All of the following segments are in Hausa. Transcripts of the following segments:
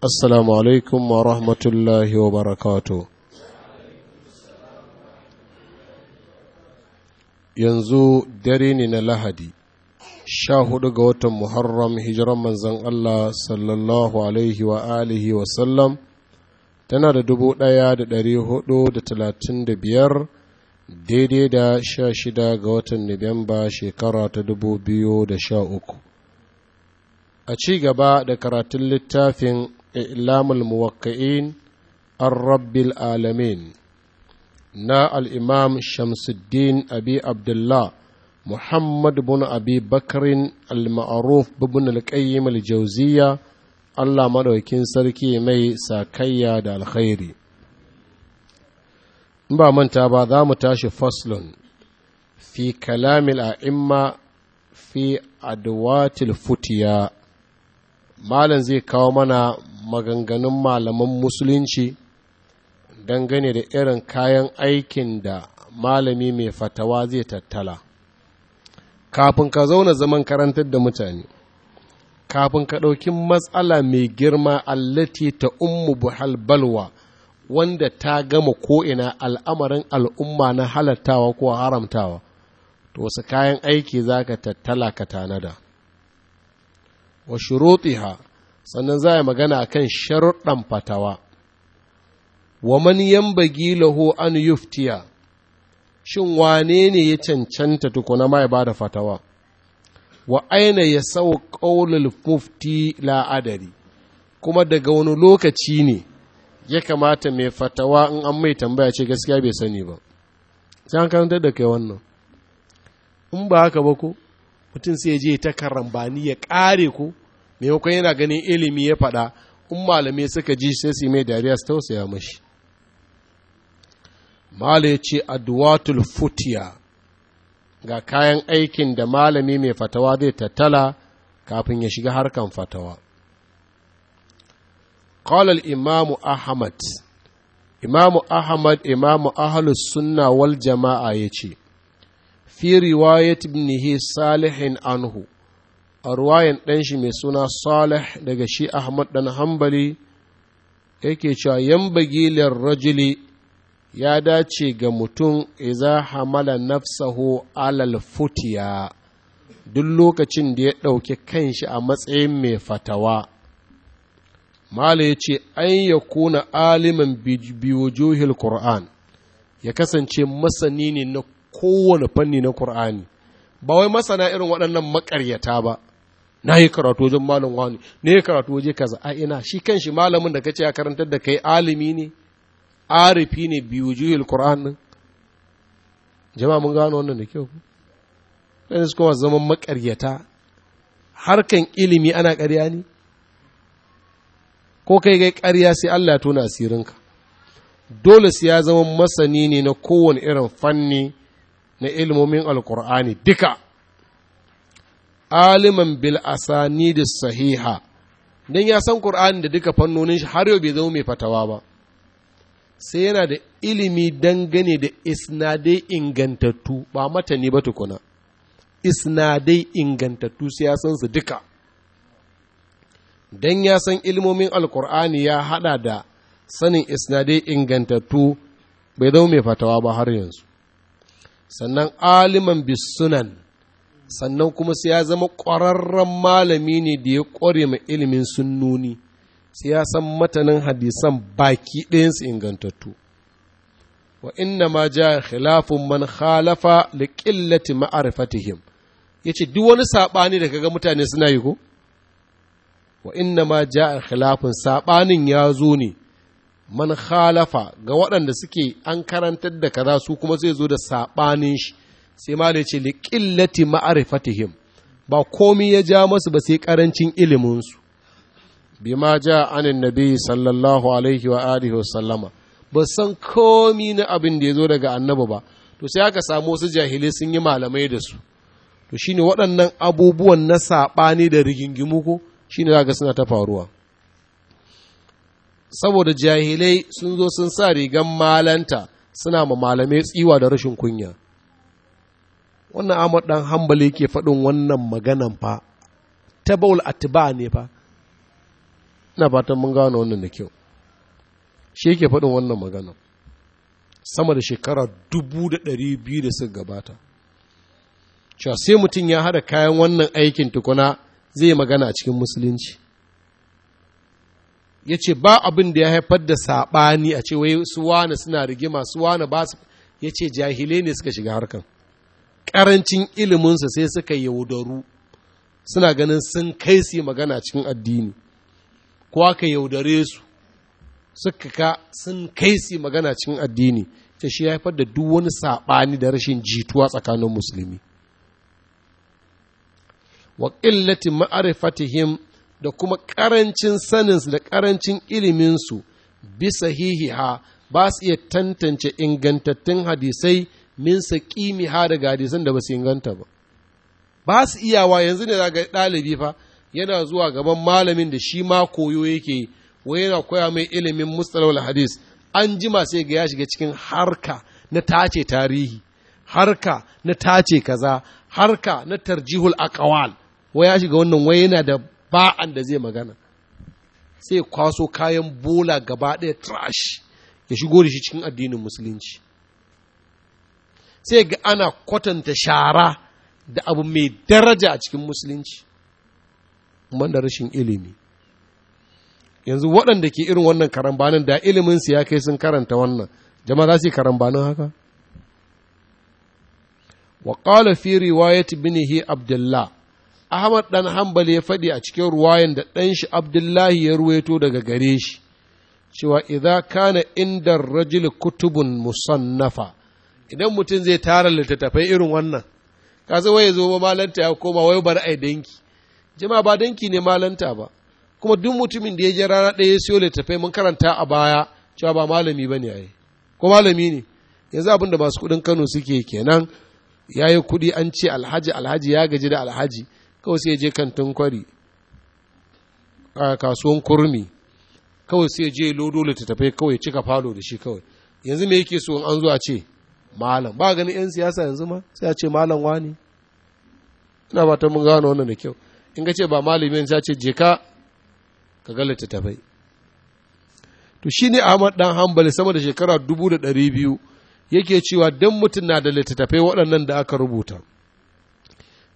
Assalamu alaikum wa rahmatullahi wa barakatu. Yanzu dare ne na Lahadi, sha hudu ga watan Muharram hijiran manzan Allah sallallahu alaihi wa alihi wa sallam tana da dubu ɗaya da ɗari hudu da talatin da biyar daidai da sha shida ga watan Nuwamba shekara ta dubu biyu da sha uku. A ci gaba da karatun littafin إعلام الموقعين الرب العالمين نا الإمام شمس الدين أبي عبد الله محمد بن أبي بكر المعروف بن القيم الجوزية Allah maɗaukin sarki mai sakayya da alkhairi. In ba manta ba za mu tashi faslun fi kalamin a'imma fi adwatil futiya. Malam zai kawo mana maganganun malaman musulunci dangane da irin kayan aikin da malami mai fatawa zai tattala kafin ka zauna zaman karantar da mutane kafin ka ɗauki matsala mai girma allati ta ummu buhal balwa wanda ta gama ko'ina al'amarin al'umma na halattawa ko haramtawa to wasu kayan aiki za ka tattala ka tanada wa ha sannan za a magana a kan sharuɗan fatawa wa man yambagi lahu an yuftiya shin wane ne ya cancanta tukuna ma ya da fatawa wa aina ya sau ƙaunar mufti la'adari kuma daga wani lokaci ne ya kamata mai fatawa in an mai tambaya ce gaskiya bai sani ba sai an karanta da kai wannan in ba haka ba ko mutum sai je ta karambani ya ƙare ko maimakon yana ganin ilimi ya faɗa in malamai suka ji sai su mai dariya su tausaya mashi malai ya ce adwatul futiya ga kayan aikin da malami mai fatawa zai tattala kafin ya shiga harkan fatawa قال الإمام أحمد إمام أحمد إمام أهل السنة والجماعة يجي في رواية ابنه صالح عنه a ruwayan ɗan shi mai suna salih daga shi ahmad ɗan hambali yake cewa yan bagilar rajuli ya dace ga mutum iza hamala nafsahu alal futiya duk lokacin da ya ɗauki kanshi a matsayin mai fatawa mala ya ce an ya kuna aliman juhil qur'an ya kasance masani ne na kowane fanni na qur'ani ba wai masana irin waɗannan maƙaryata ba na yi karatu wajen malam wani na yi karatu waje kaza a ina shi kan shi malamin da kace ya karantar da kai alimi ne arifi ne biyu juhil qur'an din jama'a mun gano wannan da kyau ku dan su kowa zaman makaryata harkan ilimi ana ƙarya ne ko kai kai ƙarya sai Allah ya tona asirinka dole sai ya zama masani ne na kowane irin fanni na ilmomin alkur'ani duka aliman bil asani da sahiha don ya san ƙur'ani da duka fannonin shi har yau bai zama mai fatawa ba sai yana da ilimi dangane da isnadai ingantattu ba matani ba tukuna isnadai ingantattu sai ya san su duka don ya san ilmomin alkur'ani ya hada da sanin isnadai ingantattu bai zama mai fatawa ba har yanzu sannan aliman bisunan sannan kuma sai ya zama ƙwararren malami ne da ya ƙware mai ilimin sunnoni sai ya san matanin hadisan baki ɗayansu ingantattu wa inna ma ja khilafun man khalafa li qillati ma'rifatihim yace duk wani sabani da kaga mutane suna yi ko wa inna ma ja khilafun sabanin ya zo ne man khalafa ga waɗanda suke an karantar da kaza su kuma zai zo da sabanin shi sai ma da ce liƙillati ma'arifatihim ba komi ya ja masu ba sai ƙarancin iliminsu bi ma ja anin nabi sallallahu alaihi wa alihi wa sallama ba san komi na abin da ya zo daga annabi ba to sai aka samu wasu jahilai sun yi malamai da su to shine waɗannan abubuwan na saɓani da rigingimu ko shine za ga suna ta faruwa saboda jahilai sun zo sun sa rigan malanta suna ma malamai tsiwa da rashin kunya wannan Ahmad ɗan hambali ke faɗin wannan maganan fa ta baul atba ne fa ina fatan mun gano wannan da kyau shi yake faɗin wannan maganan sama da shekara dubu da ɗari biyu da suka gabata cewa sai mutum ya haɗa kayan wannan aikin tukuna zai magana a cikin musulunci ya ce ba abin da ya haifar da saɓani a ce wai su wane suna rigima su wane ba su ya ce jahilai ne suka shiga harkan ƙarancin iliminsu sai suka yaudaru suna ganin sun kai su magana cikin addini ko aka yaudare su suka ka sun kai su magana cikin addini ta shi haifar da duk wani saɓani da rashin jituwa tsakanin musulmi wa ƙillati ma'arifatihim da kuma ƙarancin saninsu da ƙarancin iliminsu bisa hihiha ba su iya tantance ingantattun hadisai min saqimi ha daga hadisan da ba su inganta ba ba su iyawa yanzu ne zaga ɗalibi fa yana zuwa gaban malamin da shi ma koyo yake wai yana koya mai ilimin mustalawal hadis an jima sai ga ya shiga cikin harka na tace tarihi harka na tace kaza harka na tarjihul aqwal wai ya shiga wannan wai yana da ba'an da zai magana sai kwaso kayan bola gaba ɗaya trash ya shigo da shi cikin addinin musulunci sai ga ana kwatanta shara da abu mai daraja a cikin musulunci da rashin ilimi yanzu waɗanda ke irin wannan karambanin da iliminsu ya kai sun karanta wannan jama'a za su yi karambanin haka wa ƙala fi riwayat ibnihi abdullah ahmad ɗan hanbali ya faɗi a cikin ruwayan da ɗan shi abdullahi ya ruwaito daga gare shi cewa idza kana inda rajul kutubun musannafa idan mutum zai tara littattafai irin wannan ka wai ya zo malanta ya koma wai bar ai danki jima ba danki ne malanta ba kuma duk mutumin da ya je rana ɗaya ya siyo littattafai mun karanta a baya cewa ba malami ba ne ai ko malami ne yanzu abin da masu kuɗin Kano suke kenan ya yi kuɗi an ce alhaji alhaji ya gaji da alhaji kawai sai je kantin kwari a kasuwan kurmi kawai sai je lodo littattafai kawai cika falo da shi kawai yanzu me yake so an zo ce malam ba gani 'yan siyasa yanzu ma sai a ce malam wani ina ba ta mun gano wannan da kyau in ka ce ba malam yanzu a ce je ka ka ga littattafai to shi ne ahmad dan hambali sama da shekara dubu da ɗari biyu yake cewa dan mutum na da littattafai waɗannan da aka rubuta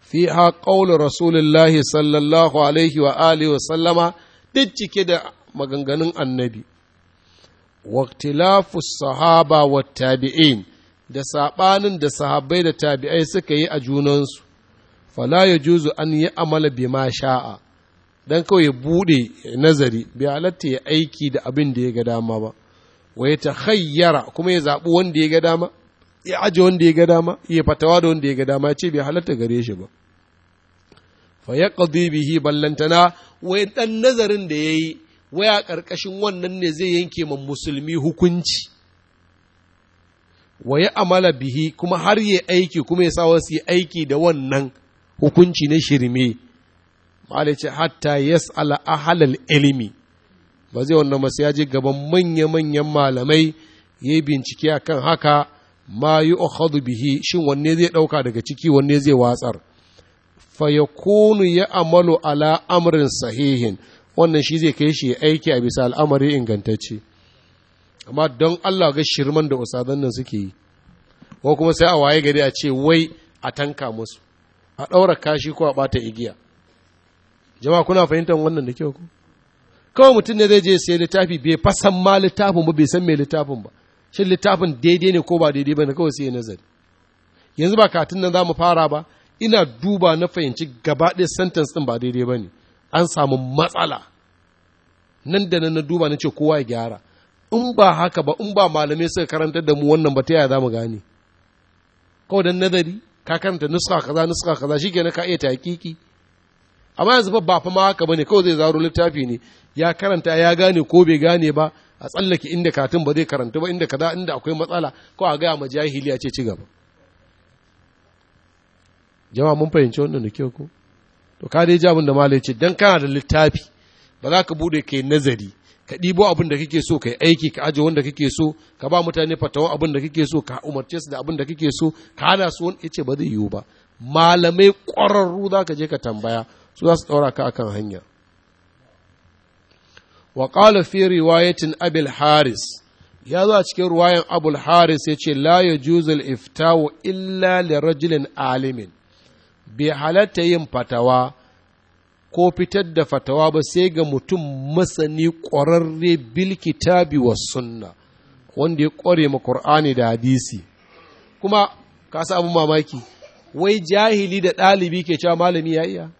fiha qawlu rasulillahi sallallahu alaihi wa alihi wa sallama duk cike da maganganun annabi sahaba wa watabi'in. da saɓanin da sahabbai da tabi'ai suka yi a junansu fala ya juzu an yi amala bi ma sha'a Don kawai ya buɗe nazari bi halatta ya aiki da abin da ya ga dama ba wa ya hayyara kuma ya zaɓi wanda ya ga dama ya aje wanda ya ga dama ya fatawa da wanda ya ga dama ya ce bai halatta gare shi ba fa ya qadi bihi ballantana wai dan nazarin da ya yayi waya ƙarƙashin wannan ne zai yanke ma musulmi hukunci wa ya amala bihi kuma har yi aiki kuma ya sa wasu yi aiki da wannan hukunci na shirme malice hatta a ahalal ilimi ba zai wannan masu ya je gaban manya-manyan malamai ya yi bincike a kan haka ma yi bihi shin wanne zai ɗauka daga ciki wanne zai watsar fayakunu ya amalu ala amrin sahihin wannan shi zai kai shi aiki a bisa al'amari ingantacce amma don Allah ga shirman da usadan nan suke yi ko kuma sai a waye gari a ce wai a tanka musu a ɗaura kashi ko a ɓata igiya jama'a kuna fahimtar wannan da kyau kawai mutum ne zai je sai littafi bai fasan ma littafin ba bai san mai littafin ba shin littafin daidai ne ko ba daidai ba na kawai sai nazari yanzu ba katin nan za mu fara ba ina duba na fahimci gaba ɗaya sentence ɗin ba daidai ba ne an samu matsala nan da nan na duba na ce kowa ya gyara in ba haka ba in ba malamai suka karantar da mu wannan ba ta yaya za mu gane kawai dan nazari ka karanta nuska kaza nuska kaza shi kenan ka iya ta hakiki amma yanzu ba fa ma haka bane kawai zai zaro littafi ne ya karanta ya gane ko bai gane ba a tsallake inda katin ba zai karanta ba inda kaza inda akwai matsala ko a gaya ma jahili ya ce ci gaba jama'a mun fahimci wannan da kyau ko to ka dai ji da malai ce dan kana da littafi ba za ka bude kai nazari ka ɗibo abin da kake so ka yi aiki ka ajiye wanda kake so ka ba mutane fatawa abin da kake so ka umarce su da abin da kake so ka hana su wani ce ba zai yiwu ba malamai ƙwararru za ka je ka tambaya su za su ɗaura ka akan hanya wa qala fi riwayatin abul haris ya zo a cikin ruwayan abul haris ya ce la yajuzul iftawo illa li rajulin alimin bai halatta yin fatawa ko fitar da fatawa ba sai ga mutum masani ƙwararre bilkitabi wa sunna wanda ya ƙware ma ƙur'ani da hadisi kuma ka sa abin mamaki wai jahili da ɗalibi ke cewa malami ya iya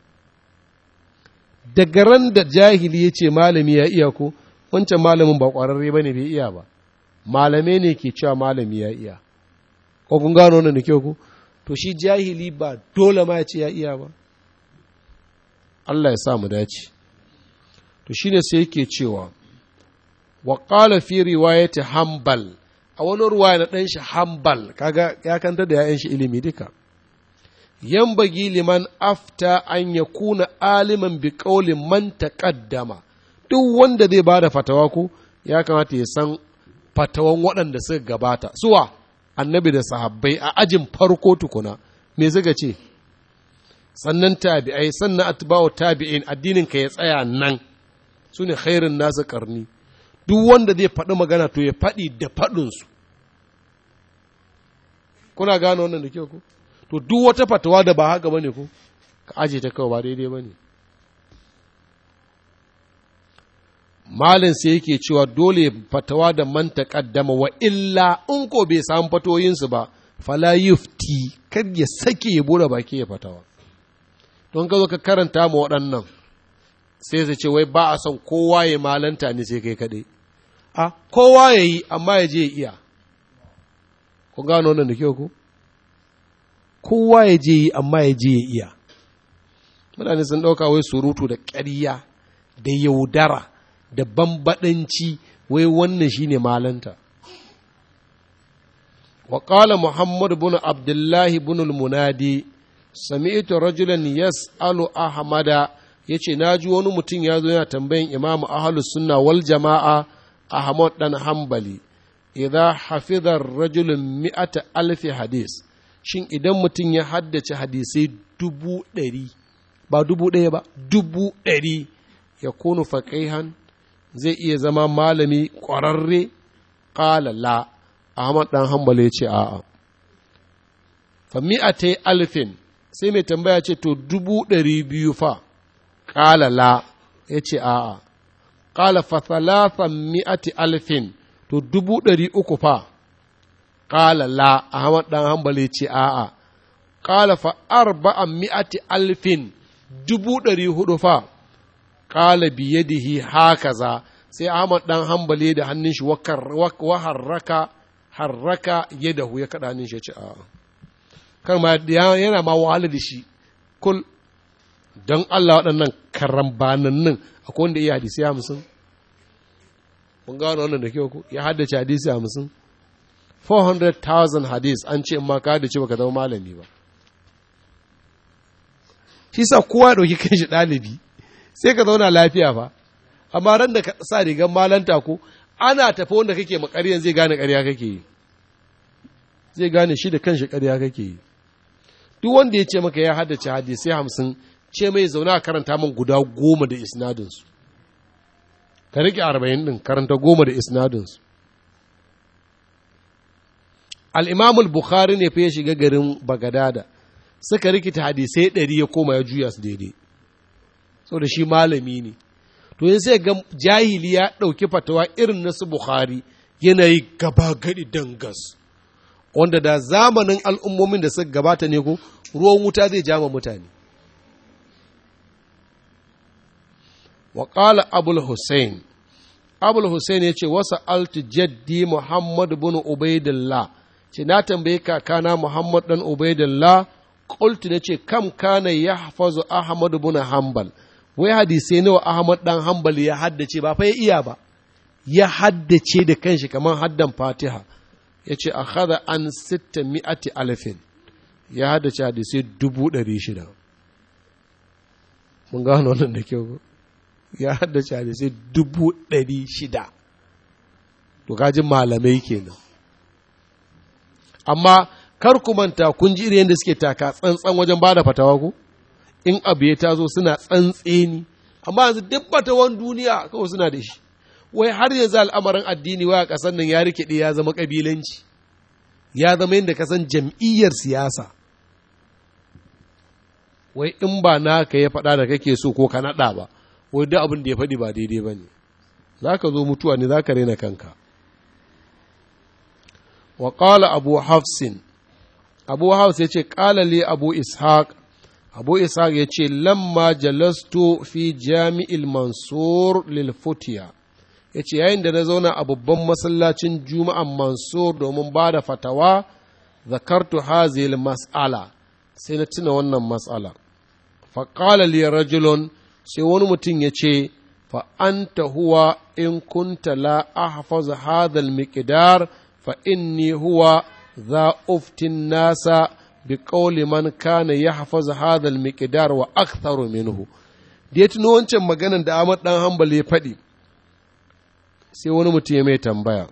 daga ran da jahili ya ce malami ya iya ko wancan malamin ba ƙwararre ba ne bai iya ba malamai ne ke cewa malami ya iya ko kun gano nan da kyau ko to shi jahili ba dole ma ya ce ya iya ba Allah ya sa mu dace to shine sai yake cewa wa qala fi riwayati hanbal a wani ruwaya na ɗan shi hanbal kaga ya kanta da ya'yan shi ilimi duka bagi liman afta an ya kuna aliman bi qawli man taqaddama duk wanda zai bada fatawa ko ya kamata ya san fatawan waɗanda suka gabata suwa annabi da sahabbai a ajin farko tukuna me suka ce sannan tabi'ai sannan atba'u tabi'in addinin ka ya tsaya nan su ne khairin nasu karni duk wanda zai faɗi magana to ya faɗi da faɗinsu kuna gano wannan da kyau ku to duk wata fatawa da ba haka bane ku ka aje ta kawai ba daidai bane malin sai yake cewa dole fatawa da man kaddama wa illa in ko bai samu fatoyinsu ba fala yufti kar ya sake ya bude baki ya fatawa don ka zo ka karanta mu waɗannan sai su ce wai ba a son kowa ya malanta ne sai kai kaɗai a kowa ya yi amma ya je ya iya kun gano wannan da kyau ku kowa ya je yi amma ya je ya iya mutane sun ɗauka wai surutu da ƙarya da yaudara da bambaɗanci wai wannan shine malanta وقال محمد بن عبد الله بن المنادي sami'tu rajulan yas'alu ahmada yace ji wani mutum ya zo yana tambayin imamu ahlus sunna wal jama'a ahmad dan hanbali idza hafiza rajulun mi'ata alfi hadis shin idan mutum ya haddace hadisai dubu ɗari ba dubu ɗaya ba dubu ɗari ya kunu faƙaihan zai iya zama malami ƙwararre ƙalala ahmad ɗan hambali ya ce a'a fa mi'atai alfin sai mai tambaya ce to dubu ɗari biyu fa ƙala la ya ce a'a ƙala fa thalathan mi'ati alfin to dubu ɗari uku fa ƙala la ahmad ɗan hambali ce a'a ƙala fa arba'a mi'ati alfin dubu ɗari hudu fa ƙala biyadihi hakaza sai ahmad ɗan hambali da hannun shi wa harraka harraka yadahu ya kaɗa hannun shi ya ce a'a kan ma yana ma wahala da shi kul don Allah waɗannan nan akwai wanda iya hadisi hamsin mun gano wannan da kyau ku ya haddace hadisi hamsin 400,000 hadis an ce in ma ka haddace baka zama malami ba shi sa kowa ɗauki kan shi ɗalibi sai ka zauna lafiya fa amma ran da ka sa rigar malanta ko ana tafi wanda kake makaryan zai gane ƙarya kake yi zai gane shi da shi ƙarya kake yi duk wanda ya ce maka ya haddace hadisai hamsin ce mai zauna karanta min guda goma da isnadinsu ka riƙe arba'in ɗin karanta goma da isnadinsu al'imamul bukhari ne fiye shiga garin bagadada suka rikita hadisai ɗari ya koma ya juya su daidai da shi malami ne to yin sai ga jahili ya ɗauki fatawa irin nasu su bukhari yanayi gaba gadi dangas wanda da zamanin al'ummomin da suka gabata ne ko ruwan wuta zai jama mutane Waƙala abul hussein abul hussein ya ce wasa altijaddi jaddi muhammad bin ubaidillah ce na tambaye kakana muhammad dan ubaidillah ƙulti na ce kam kana ya hafazu ahmad bin hanbal wai hadisai nawa ahmad dan hanbal ya haddace ba fa ya iya ba ya haddace da kanshi kamar haddan fatiha ya ce a hada an sitta mi'ati alifin ya hada ci hadisai dubu ɗari shida mun gano wannan da kyau ya hada ci hadisai dubu ɗari shida to kajin malamai kenan amma kar ku manta kun ji irin da suke taka tsantsan wajen ba da fatawa ku in abu ya tazo suna tsantseni amma yanzu duk fatawan duniya kawai suna da shi wai har yanzu al'amarin addini wa a ƙasar nan ya rikide ya zama ƙabilanci ya zama yadda ka san jam'iyyar siyasa wai in ba na ka ya faɗa da kake so ko ka naɗa ba wai duk abin da ya faɗi ba daidai ba ne za ka zo mutuwa ne za ka raina kanka wa ƙala abu hafsin abu hafs ya ce ƙala li abu ishaq abu ishaq ya ce lamma jalastu fi jami'il mansur lil futiya yace yayin da na zauna a babban masallacin juma'an mansur domin ba da fatawa zakartu hazil mas'ala sai na tuna wannan mas'ala faƙala liya rajulun sai wani mutum ya ce fa'anta huwa in kunta la ahfaza hadal miƙidar fa inni huwa za uftin nasa bi ƙauli man kana ya hafaza hadal miƙidar wa aktharu minhu da ya tuno wancan maganan da Ahmad ɗan hambali ya faɗi sai wani mutum ya mai tambaya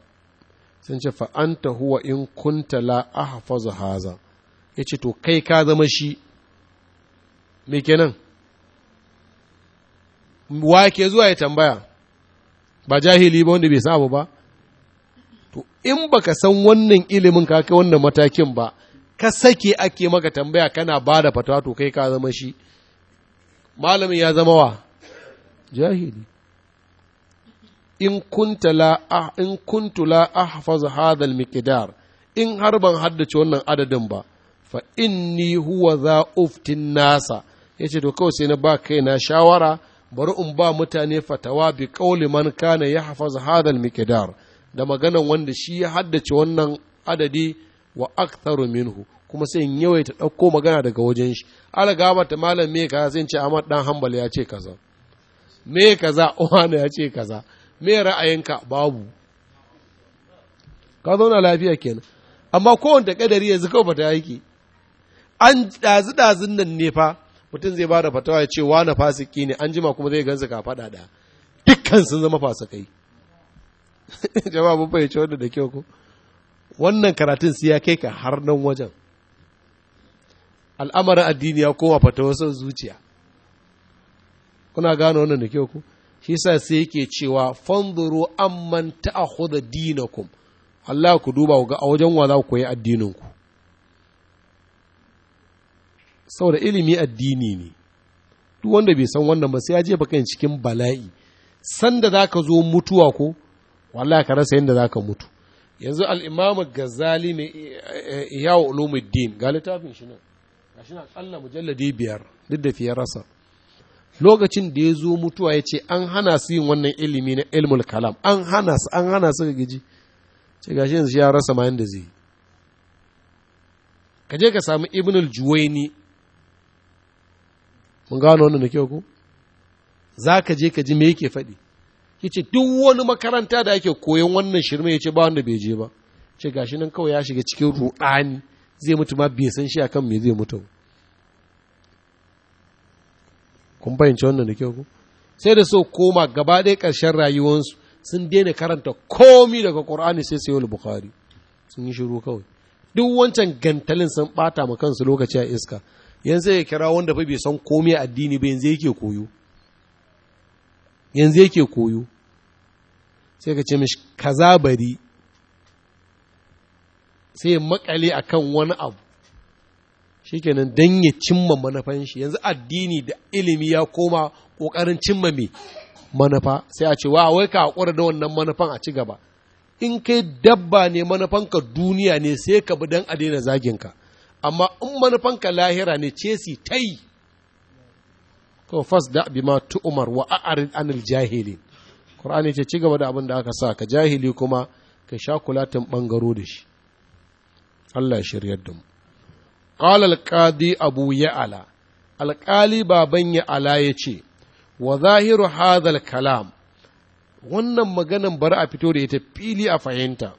sun ce fa'anta huwa in kunta la ahfazu haza ya ce to kai ka zama shi me kenan wa ke zuwa ya tambaya ba jahili ba wanda bai san ba to in baka san wannan ilimin ka kai wannan matakin ba ka sake ake maka tambaya kana ba da fatawa to kai ka zama shi malamin ya zama wa jahili in kunta la ah in kuntu la ahfaz hadha al in har ban haddace wannan adadin ba fa inni huwa za uftin nasa yace to kawai sai na ba kai na shawara bari in ba mutane fatawa bi qawli man kana yahfaz hadha al da maganan wanda shi ya haddace wannan adadi wa aktharu minhu kuma sai in yawaita ɗauko magana daga wajen shi alagaba ta malam me kaza ce Ahmad dan Hanbal ya ce kaza me kaza Ohana ya ce kaza me ra'ayinka babu ka zauna lafiya kenan amma kowanne kadari yanzu kawai fata yake an dazu dazun nan ne fa mutum zai bada fatawa ya ce wani fasiki ne an jima kuma zai gansu ka fada da dukkan sun zama fasikai jama'a mun fahimci wanda da kyau ko wannan karatun sai ya kai ka har nan wajen al'amarin addini ya koma fata son zuciya kuna gane wannan da kyau ko kisa sai yake cewa fanzuru amman ta'khudha dinakum Allah ku duba ga a wajen wa za ku yi addinin ku saboda ilimi addini ne duk wanda bai san wannan ba sai ya je baka cikin bala'i sanda zaka zo mutuwa ko wallahi ka rasa yadda zaka mutu yanzu al-Imam Ghazali mai eh, eh, Ihya Ulumuddin ga littafin shi nan gashi na mujalladi biyar duk da fiye rasa lokacin da ya zo mutuwa ya ce an hana su yin wannan ilimi na ilmul kalam an hana su an hana su gaji ce gashi yanzu ya rasa ma yanda zai ka je ka samu ibnul juwaini mun gano wannan da kyau ko za ka je ka ji me yake faɗi ce duk wani makaranta da ake koyon wannan shirme ya ce ba wanda bai je ba ce gashi nan kawai ya shiga cikin ruɗani zai mutu ma bai san shi akan me zai mutu ba kun fahimci wannan da kyau sai da so koma gaba ɗaya ƙarshen rayuwarsu sun daina karanta komi daga ƙur'ani sai sayo bukhari sun yi shiru kawai duk wancan gantalin sun ɓata ma kansu lokaci a iska yanzu ya kira wanda fa bai san komi addini ba yanzu yake koyo yanzu yake koyo sai ka ce mishi kaza bari sai makale akan wani abu shikenan dan ya cimma manufan shi yanzu addini da ilimi ya koma kokarin cimma mai manufa sai a ce wa wai ka hakura da wannan manafan a ci gaba in kai dabba ne manufanka duniya ne sai ka bi dan a daina zagin ka amma in manufanka lahira ne ce si tai ko ma tu umar wa a'rid anil jahili qur'ani ce ci gaba da abin da aka sa ka jahili kuma ka sha kulatin bangaro da shi Allah ya shiryar da mu qala al-qadi abu alƙali baban ya'ala ya ce wa zahiru kalam wannan maganan bari a fito da ita fili a fahimta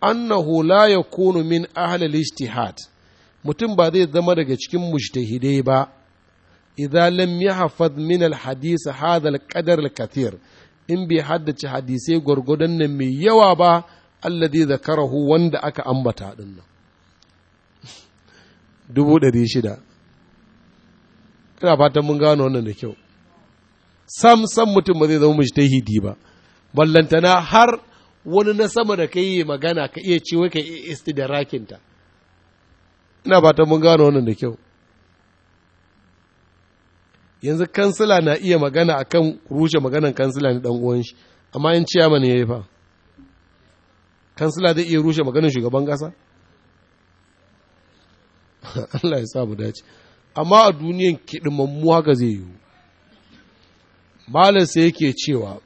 annahu la yakunu min ahli al-ijtihad mutum ba zai zama daga cikin mujtahidai ba idza lam yahfaz min al-hadith hadha al-qadar al-kathir in bai haddace hadisai gwargwadon nan mai yawa ba alladhi zakarahu wanda aka ambata dinnan dubu ɗari shida ina fatan mun gano wannan da kyau sam sam mutum ba zai zama ta hidi ba ballantana har wani na sama da ka yi magana ka iya ciwo ka iya rakinta ina fatan mun gano wannan da kyau yanzu kansila na iya magana akan rushe maganan kansila ne dan shi amma in ciyaman ya yi fa kansila zai iya rushe maganin shugaban kasa Allah ya sa mu dace amma a duniyan kidimammu haka zai yiwu malam sai yake cewa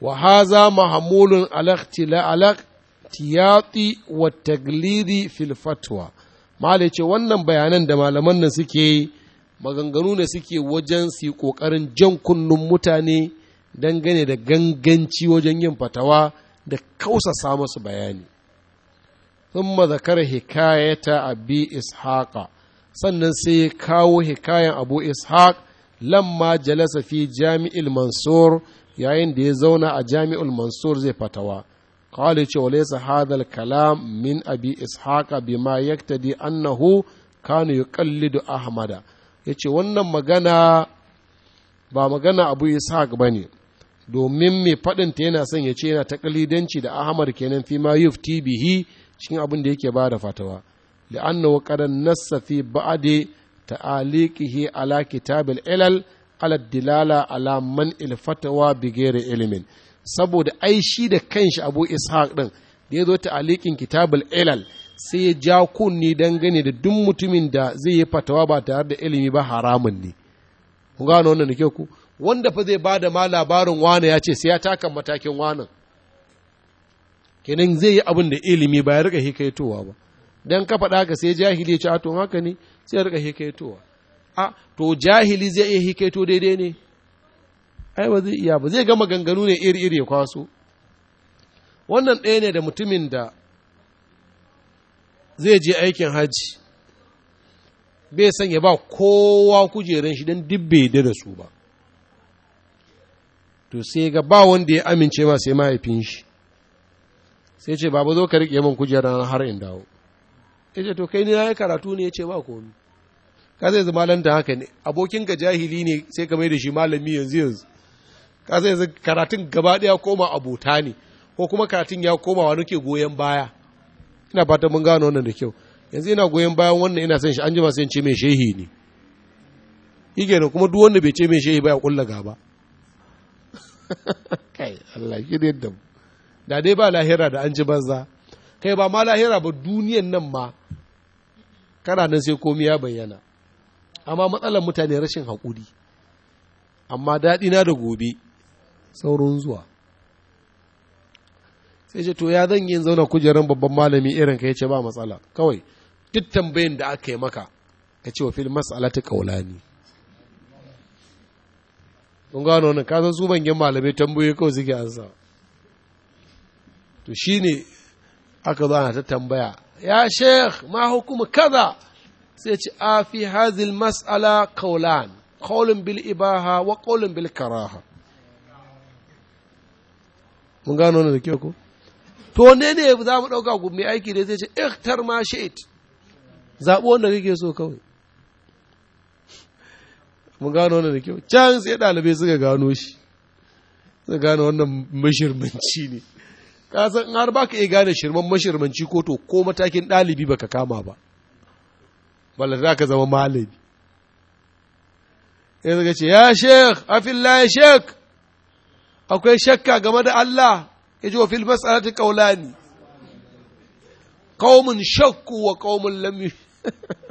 wa haza mahamulun alaktiyati wa taglidi fil fatwa malam ce wannan bayanan da malaman nan suke yi maganganu ne suke wajen su ƙoƙarin jan kunnun mutane dangane da ganganci wajen yin fatawa da kausa masu bayani thumma zakara hikayata abi ishaqa sannan sai ya kawo hikayen abu ishaq lamma jalasa fi jami'il mansur yayin da ya zauna a jami'ul mansur zai fatawa qala ce wa laysa hadha kalam min abi ishaqa bima yaktadi annahu kana yuqallidu ahmada yace wannan magana ba magana abu ishaq bane domin mai faɗinta yana son ya ce yana taƙalidanci da ahmad kenan fi ma yufti cikin abin da yake ba da fatawa wa qad nassa fi ba'di ta'aliqihi ala kitabil ilal ala dilala ala man il fatawa bi ghairi ilmin saboda ai shi da kanshi Abu Ishaq din da yazo ta'aliqin kitabul ilal sai ya ja kunni dangane da duk mutumin da zai yi fatawa ba tare da ilimi ba haramun ne ku gano wannan da ku wanda fa zai bada ma labarin wane ya ce sai ya taka matakin wanan kenan zai yi abin da ilimi ba ya rika hikaitowa ba dan ka faɗa ka sai jahili ya ci a to haka ne sai ya rika hikaitowa a to jahili zai iya hikaito daidai ne ai ba zai iya ba zai gama ganganu ne iri iri ya kwaso wannan ɗaya ne da mutumin da zai je aikin hajji bai san ya ba kowa kujeran shi don duk bai da su ba to sai ga ba wanda ya amince ma sai mahaifin shi sai ce baba zo ka riƙe min kujera har in dawo ya ce to kai ni na yi karatu ne ya ce ba komi ka zai zama lanta haka ne abokinka jahili ne sai ka mai da shi malami yanzu yanzu ka zai zai karatun gaba ɗaya koma abota ne ko kuma karatun ya koma wa nuke goyon baya ina fatan mun gano wannan da kyau yanzu ina goyon bayan wannan ina son shi an jima sai ce mai shehi ne yake ne kuma duk wanda bai ce mai shehi ba ya kulla gaba kai Allah shi ne yadda mu da dai ba lahira da an ji banza kai ba ma lahira ba duniyan nan ma kana nan sai komi ya bayyana amma matsalar mutane rashin haƙuri amma daɗi na da gobe saurin zuwa sai ce to ya zan yin zauna kujerar babban malami irin ka ce ba matsala kawai duk tambayin da aka yi maka ka ce wa fil mas'alati qawlani kun gano wannan ka san su bangin malamai tambayoyi kawai suke ansa to shi ne aka zo ana ta tambaya ya sheikh ma hukuma kaza sai ce a fi hazil mas'ala kaulan qaulun bil ibaha wa qaulun bil karaha mun gano ne da kyau ko to ne ne za mu ɗauka ku aiki da zai ce ikhtar ma shi'it zaɓo wanda kake so kawai mun gano wannan da kyau can sai ɗalibai suka gano shi suka gano wannan mashirmanci ne ka san in har baka iya gane shirman mashirmanci ko to ko matakin ɗalibi baka kama ba balla za ka zama malami ya zaga ce ya sheikh afillah ya sheikh akwai shakka game da Allah ya ji wa fil kaula ne qaumun shakku wa qaumun lam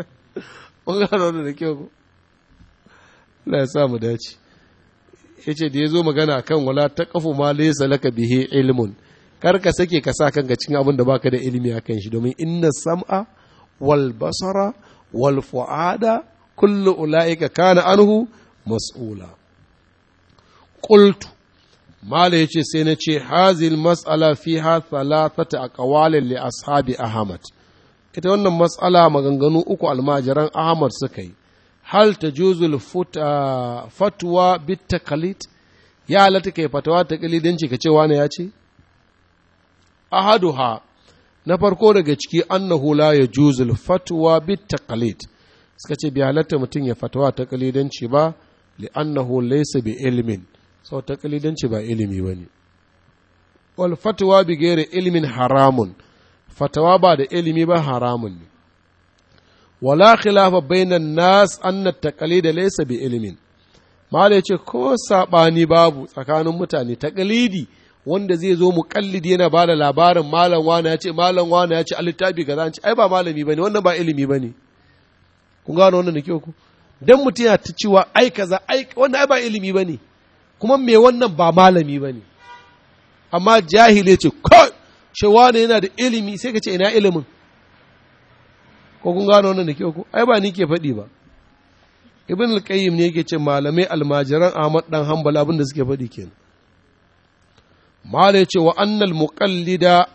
mun da kyau ko Allah ya samu dace dace ce da ya zo magana kan wala ta kafu ma laisa laka bihe ilmun kar ka sake ka sa ga cikin abin da baka da ilimi a kan shi domin inna sam'a wal basara wal fu'ada kullu ula'ika kana anhu mas'ula qultu mala yace sai na ce hazil mas'ala fiha thalathata aqwalin li ashabi ahmad ita wannan mas'ala maganganu uku almajiran ahmad suka yi hal tajuzul ah, fatwa bit taqlid ya halatta kai fatawa ta kalidin ka ce wani ya ce ahaduha na farko daga ciki annahu la juzul fatwa bit taqlid suka ce bi halatta mutum ya fatawa ta kalidanci ba li annahu laysa bi ilmin sau ta ba ilimi bane wal fatwa bi ghairi ilmin haramun fatawa ba da ilimi ba haramun ne wala khilafa bainan nas anna taqlid laysa bi ilmin mala yace ko sabani babu tsakanin mutane taqlidi wanda zai zo mu kallidi yana ba da labarin malam wani ya ce malam wani ya ce alittafi ga zanci ai ba malami bane wannan ba ilimi bane kun gano wannan da kyau ku dan mutum ya ta cewa ai kaza ai wannan ai ba ilimi bane kuma me wannan ba malami bane amma jahile ce ko shi wani yana da ilimi sai ka ce ina ilimin ko kun gano wannan da kyau ku ai ba ni ke faɗi ba ibn al-qayyim ne yake ce malamai almajiran Ahmad dan Hanbal abin da suke faɗi kenan malai ce wa annal muqallida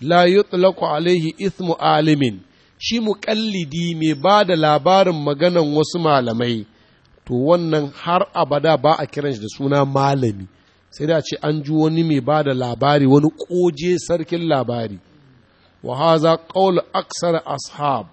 la yutlaqu alaihi ismu alimin shi muƙallidi mai ba da labarin maganan wasu malamai to wannan har abada ba a kiran shi da suna malami sai da ce an ji wani mai ba da labari wani koje sarkin labari wa haza qaul aksar ashab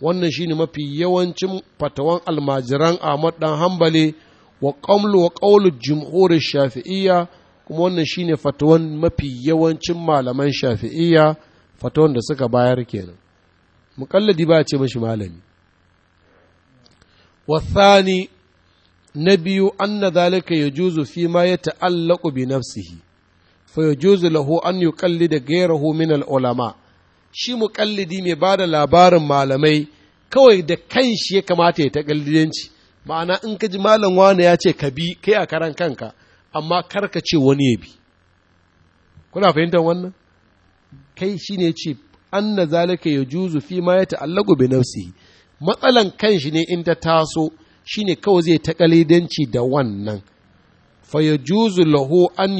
wannan shine mafi yawancin fatawan almajiran Ahmad dan Hambali wa qamlu wa qaulu jumhur shafi'iyya kuma wannan shine fatawan mafi yawancin malaman shafi'iyya fatawan da suka bayar kenan muƙalladi ba ce mashi malami wasani na biyu anna zalika yajuzu fi ma ya ta'allaqu bi nafsihi fa yajuzu lahu an yuqallida ghayrahu min al-ulama shi mukalladi mai ba da labarin malamai kawai da kanshi ya kamata ya taƙallidanci ma'ana in ka ji malam wani ya ce ka bi kai a karan kanka amma karka ce wani ya bi kuna fahimtar wannan kai shine ce na zalika juzu fi ma ya ta'allagu bi nafsihi matsalan kanshi ne in ta taso shine kawai zai ta kalidanci da wannan fa ya juzu lahu an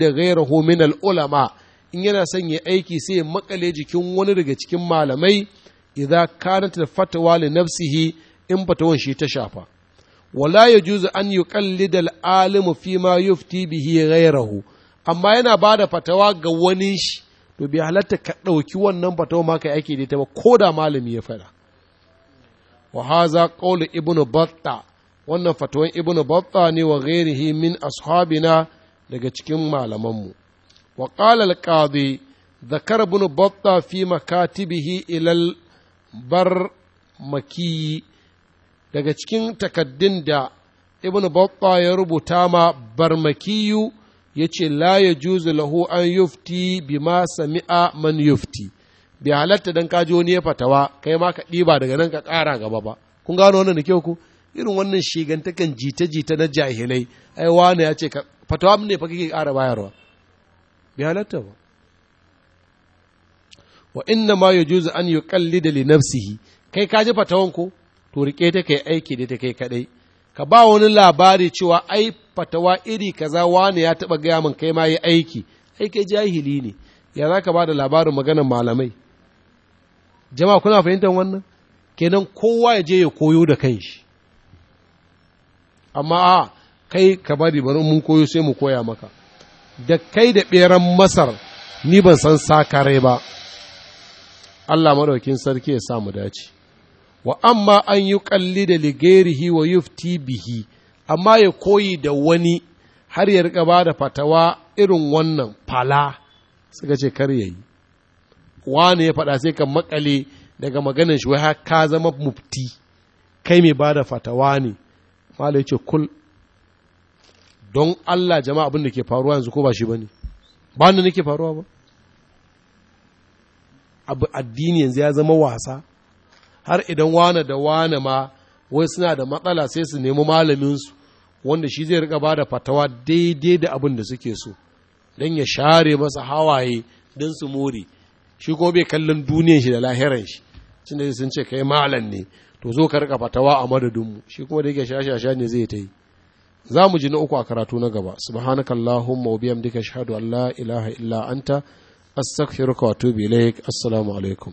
da ghayrahu min ulama in yana son ya aiki sai ya makale jikin wani daga cikin malamai idan kanat fatawa fatwa li nafsihi in fatawan shi ta shafa wala ya juzu an yi kallidal alimu fi ma bihi amma yana ba da fatawa ga wani shi to bai halatta ka ɗauki wannan fatawa ma kai ake da ta ba ko da malami ya faɗa wa haza qawlu ibnu batta wannan fatawan ibnu batta ne wa ghairihi min ashabina daga cikin malamanmu wa qala al-qadi ذكر fi بطة في مكاتبه bar makiyi. daga cikin takaddun da ibn batta ya rubuta ma barmakiyu ya ce la ya juzu lahu an yufti bi ma sami'a man yufti bi halatta dan ka wani ya fatawa kai ma ka ɗiba daga nan ka ƙara gaba ba kun gano wannan da kyau ku irin wannan shigantakan jita-jita na jahilai ai wani ya ce fatawa fatawa ne fa kake ƙara bayarwa bi halatta ba wa inna ma yajuzu an yuqallida li nafsihi kai ka ji fatawan ko to rike ta kai aiki da ta kai kadai ka ba wani labari cewa ai fatawa iri kaza wani ya taba gaya min kai ma yi aiki ai kai jahili ne ya za ka ba da labarin maganar malamai jama'a kuna fahimtar wannan kenan kowa ya je ya koyo da kanshi amma a kai ka bari bari mun koyo sai mu koya maka da kai da ɓeran masar ni ban san sakare ba Allah maɗaukin sarki ya samu dace wa amma an yi kalli da ligerihi wa yufti bihi amma ya koyi da wani har ya riƙa ba da fatawa irin wannan fala suka ce kar yayi wani ya faɗa sai ka makale daga maganar shi wai ka zama mufti kai mai ba da fatawa ne mala ya ce kul don Allah jama'a abin da ke faruwa yanzu ko ba shi bane ba da nake faruwa ba abu addini yanzu ya zama wasa har idan wane da wane ma wai suna da matsala sai su nemi malaminsu wanda shi zai rika bada fatawa daidai da abin da suke so don ya share masa hawaye don su more shi ko bai kallon duniyan shi da lahiran shi cin da sun ce kai malam ne to zo ka rika fatawa a madadinmu shi kuma da yake shashasha ne zai ta yi za mu ji na uku a karatu na gaba subhanakallahumma wa bihamdika ashhadu an la ilaha illa anta astaghfiruka wa atubu ilaik assalamu alaikum